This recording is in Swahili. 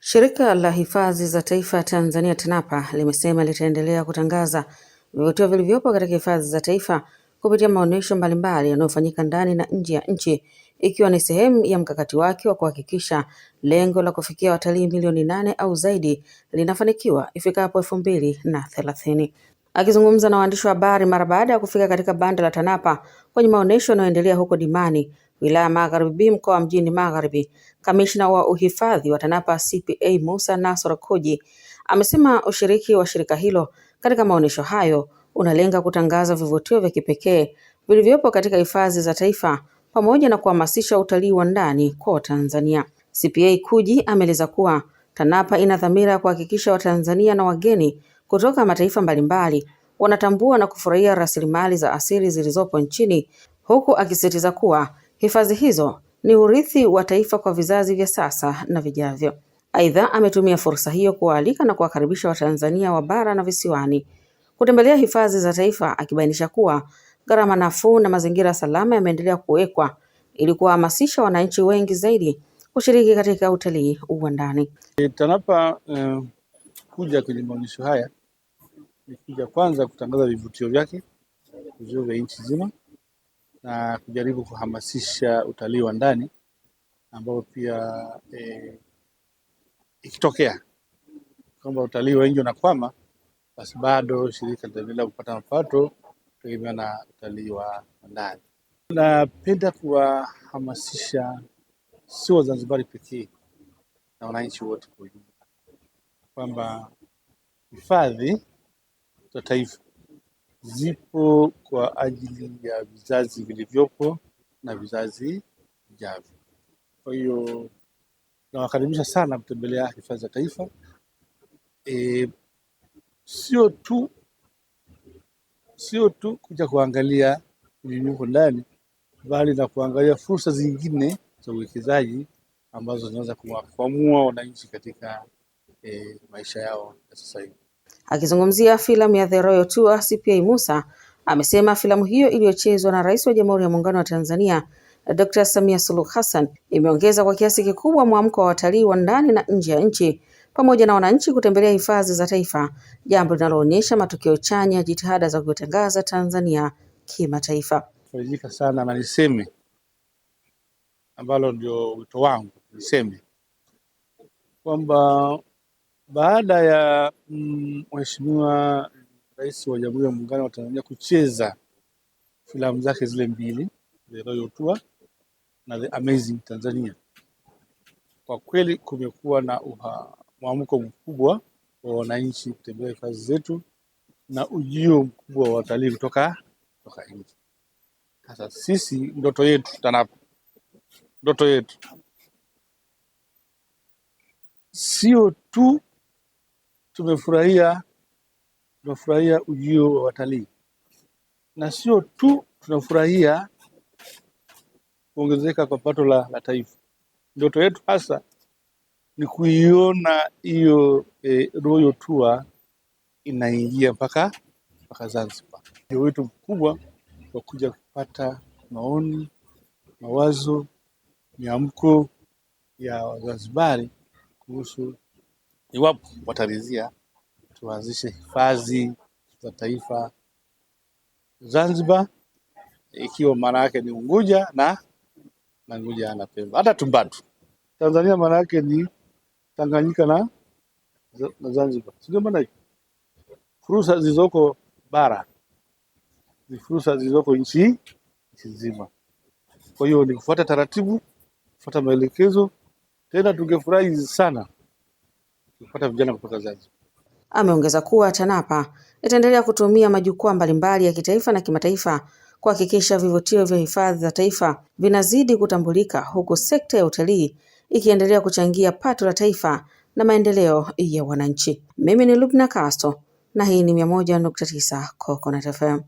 Shirika la Hifadhi za Taifa Tanzania TANAPA limesema litaendelea kutangaza vivutio vilivyopo katika hifadhi za taifa kupitia maonesho mbalimbali yanayofanyika ndani na nje ya nchi ikiwa ni sehemu ya mkakati wake wa kuhakikisha lengo la kufikia watalii milioni nane au zaidi linafanikiwa ifikapo elfu mbili na thelathini. Akizungumza na waandishi wa habari mara baada ya kufika katika banda la TANAPA kwenye maonesho yanayoendelea huko Dimani, wilaya Magharibi, mkoa wa Mjini Magharibi, kamishna wa uhifadhi wa TANAPA CPA musa Nassor Kuji amesema ushiriki wa shirika hilo katika maonyesho hayo unalenga kutangaza vivutio vya kipekee vilivyopo katika hifadhi za taifa pamoja na kuhamasisha utalii wa ndani kwa Watanzania. CPA Kuji ameeleza kuwa TANAPA ina dhamira ya kuhakikisha Watanzania na wageni kutoka mataifa mbalimbali wanatambua na kufurahia rasilimali za asili zilizopo nchini, huku akisisitiza kuwa Hifadhi hizo ni urithi wa taifa kwa vizazi vya sasa na vijavyo. Aidha, ametumia fursa hiyo kuwaalika na kuwakaribisha Watanzania wa bara na visiwani kutembelea hifadhi za taifa, akibainisha kuwa gharama nafuu na mazingira salama yameendelea kuwekwa ili kuwahamasisha wananchi wengi zaidi kushiriki katika utalii wa ndani. E, TANAPA uh, kuja kwenye maonyesho haya ni kuja kwanza kutangaza vivutio vyake, vizuri vya nchi nzima na kujaribu kuhamasisha utalii wa ndani ambao pia e, ikitokea kwamba utalii wengi unakwama, basi bado shirika litaendelea kupata mapato kutegemea na utalii wa ndani. Napenda kuwahamasisha si Wazanzibari pekee na wananchi wote kwa ujumla kwamba hifadhi za taifa zipo kwa ajili ya vizazi vilivyopo na vizazi vijavyo. Kwa hiyo nawakaribisha sana kutembelea hifadhi za taifa e, sio tu sio tu kuja kuangalia unyunyuko ndani, bali na kuangalia fursa zingine za uwekezaji ambazo zinaweza kuwakwamua wananchi katika e, maisha yao ya sasa hivi. Akizungumzia filamu ya The Royal Tour, CPA Musa amesema filamu hiyo iliyochezwa na Rais wa Jamhuri ya Muungano wa Tanzania Dr. Samia Suluhu Hassan imeongeza kwa kiasi kikubwa mwamko wa watalii wa ndani na nje ya nchi pamoja na wananchi kutembelea hifadhi za taifa, jambo linaloonyesha matokeo chanya ya jitihada za kuitangaza Tanzania kimataifa. Farijika sana na niseme ambalo ndio wito wangu niseme kwamba baada ya mm, Mheshimiwa mm, Rais wa Jamhuri ya Muungano wa Tanzania kucheza filamu zake zile mbili The Royal Tour na The Amazing Tanzania, kwa kweli kumekuwa na mwamko mkubwa wa wananchi kutembelea hifadhi zetu na ujio mkubwa wa watalii kutoka kutoka nje. Sasa sisi ndoto yetu TANAPA, ndoto yetu sio tu Tumefurahia, tumefurahia ujio wa watalii na sio tu tunafurahia kuongezeka kwa pato la, la taifa. Ndoto yetu hasa ni kuiona hiyo e, Royal Tour inaingia mpaka mpaka Zanzibar. Ndio wito mkubwa wa kuja kupata maoni, mawazo, miamko ya Wazanzibari kuhusu iwapo watarizia tuanzishe hifadhi za taifa Zanzibar, ikiwa maana yake ni Unguja na na Unguja na Pemba, hata Tumbatu Tanzania, maana yake ni Tanganyika na, na Zanzibar, sio maana fursa zilizoko bara ni fursa zilizoko nchi nchi nzima. Kwa hiyo ni kufuata taratibu, kufuata maelekezo. Tena tungefurahi sana kupata vijana kutoka Zanzibar. Ameongeza kuwa TANAPA itaendelea kutumia majukwaa mbalimbali ya kitaifa na kimataifa kuhakikisha vivutio vya hifadhi za taifa vinazidi kutambulika huku sekta ya utalii ikiendelea kuchangia pato la taifa na maendeleo ya wananchi. Mimi ni Lubna Castro na hii ni 101.9 Coconut FM.